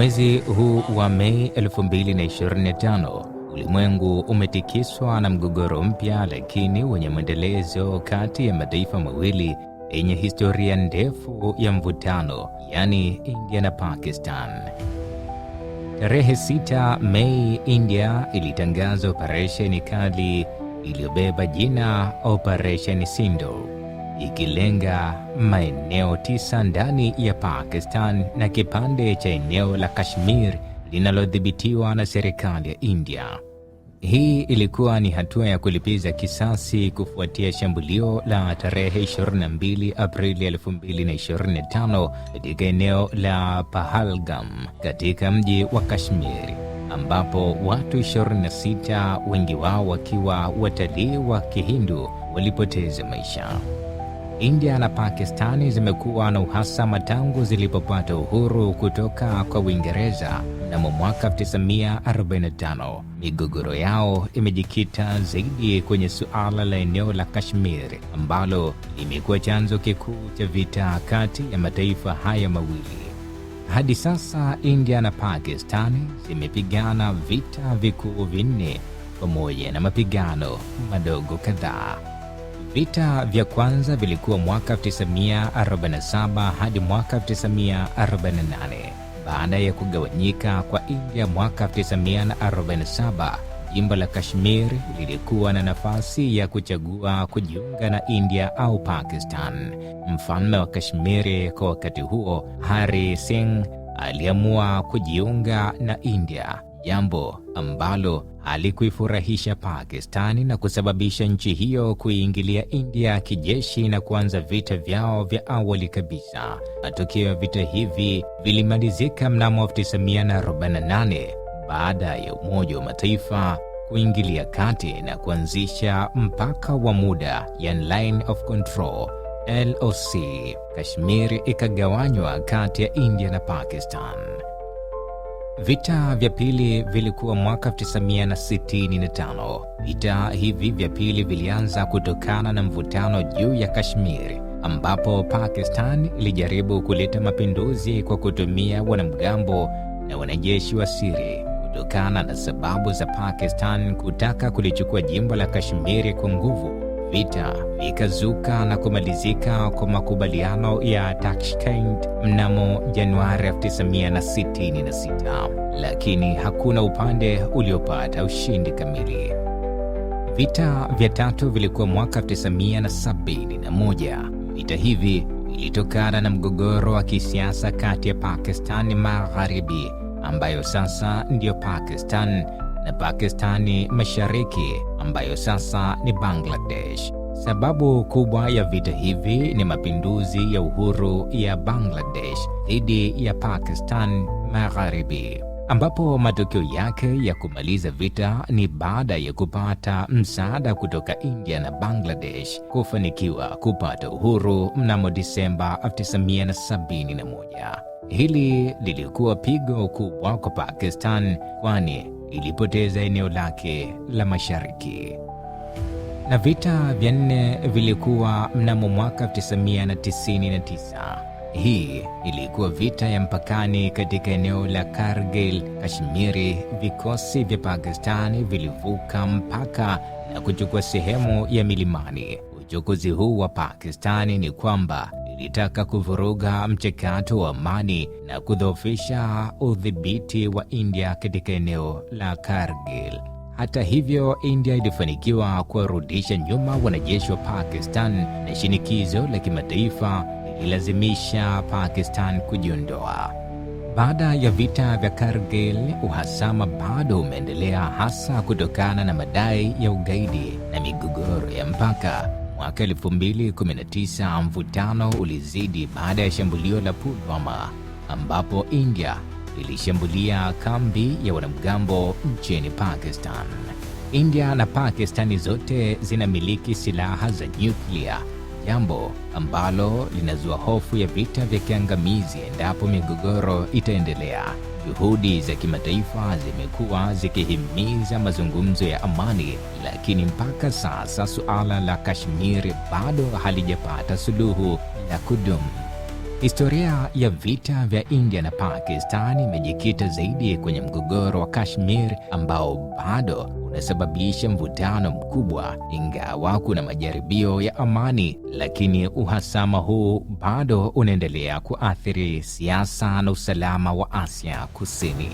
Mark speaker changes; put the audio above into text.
Speaker 1: Mwezi huu wa Mei 2025 ulimwengu umetikiswa na mgogoro mpya lakini wenye mwendelezo kati ya mataifa mawili yenye historia ndefu ya mvutano, yaani India na Pakistan. Tarehe 6 Mei, India ilitangaza operesheni kali iliyobeba jina Operation Sindoor ikilenga maeneo tisa ndani ya Pakistan na kipande cha eneo la Kashmir linalodhibitiwa na serikali ya India. Hii ilikuwa ni hatua ya kulipiza kisasi kufuatia shambulio la tarehe 22 Aprili 2025 katika eneo la Pahalgam katika mji wa Kashmir ambapo watu 26 wengi wao wakiwa watalii wa Kihindu walipoteza maisha. India na Pakistani zimekuwa na uhasama tangu zilipopata uhuru kutoka kwa Uingereza mnamo mwaka 1945. Migogoro yao imejikita zaidi kwenye suala la eneo la Kashmir ambalo limekuwa chanzo kikuu cha vita kati ya mataifa haya mawili. Hadi sasa India na Pakistani zimepigana vita vikuu vinne pamoja na mapigano madogo kadhaa. Vita vya kwanza vilikuwa mwaka 1947 hadi mwaka 1948. Baada ya kugawanyika kwa India mwaka 1947, jimbo la Kashmir lilikuwa na nafasi ya kuchagua kujiunga na India au Pakistan. Mfalme wa Kashmiri kwa wakati huo, Hari Singh, aliamua kujiunga na India jambo ambalo halikuifurahisha Pakistani na kusababisha nchi hiyo kuiingilia India kijeshi na kuanza vita vyao vya awali kabisa. Matokeo ya vita hivi vilimalizika mnamo 1948 baada ya Umoja wa Mataifa kuingilia kati na kuanzisha mpaka wa muda, yani line of control LOC. Kashmir ikagawanywa kati ya India na Pakistan. Vita vya pili vilikuwa mwaka 1965. Vita hivi vya pili vilianza kutokana na mvutano juu ya Kashmir ambapo Pakistan ilijaribu kuleta mapinduzi kwa kutumia wanamgambo na wanajeshi wa siri. Kutokana na sababu za Pakistan kutaka kulichukua jimbo la Kashmiri kwa nguvu vita vikazuka na kumalizika kwa makubaliano ya Tashkent mnamo Januari 1966, lakini hakuna upande uliopata ushindi kamili. Vita vya tatu vilikuwa mwaka 1971. Vita hivi vilitokana na mgogoro wa kisiasa kati ya Pakistani Magharibi ambayo sasa ndiyo Pakistan na Pakistani Mashariki ambayo sasa ni Bangladesh. Sababu kubwa ya vita hivi ni mapinduzi ya uhuru ya Bangladesh dhidi ya Pakistan Magharibi, ambapo matokeo yake ya kumaliza vita ni baada ya kupata msaada kutoka India na Bangladesh kufanikiwa kupata uhuru mnamo Disemba 1971. Hili lilikuwa pigo kubwa kwa Pakistan kwani ilipoteza eneo lake la mashariki, na vita vya nne vilikuwa mnamo mwaka 1999. Hii ilikuwa vita ya mpakani katika eneo la Kargil, Kashmiri. Vikosi vya Pakistani vilivuka mpaka na kuchukua sehemu ya milimani. Uchokozi huu wa Pakistani ni kwamba ilitaka kuvuruga mchakato wa amani na kudhoofisha udhibiti wa India katika eneo la Kargil. Hata hivyo, India ilifanikiwa kuwarudisha nyuma wanajeshi wa Pakistan na shinikizo la kimataifa lililazimisha Pakistan kujiondoa. Baada ya vita vya Kargil, uhasama bado umeendelea hasa kutokana na madai ya ugaidi na migogoro ya mpaka mwaka 2019 mvutano ulizidi baada ya shambulio la Pulwama ambapo India ilishambulia kambi ya wanamgambo nchini Pakistan. India na Pakistani zote zinamiliki silaha za nyuklia jambo ambalo linazua hofu ya vita vya kiangamizi endapo migogoro itaendelea. Juhudi za kimataifa zimekuwa zikihimiza mazungumzo ya amani, lakini mpaka sasa suala la kashmiri bado halijapata suluhu la kudumu. Historia ya vita vya India na Pakistan imejikita zaidi kwenye mgogoro wa Kashmir ambao bado unasababisha mvutano mkubwa. Ingawa kuna majaribio ya amani, lakini uhasama huu bado unaendelea kuathiri siasa na usalama wa Asia Kusini.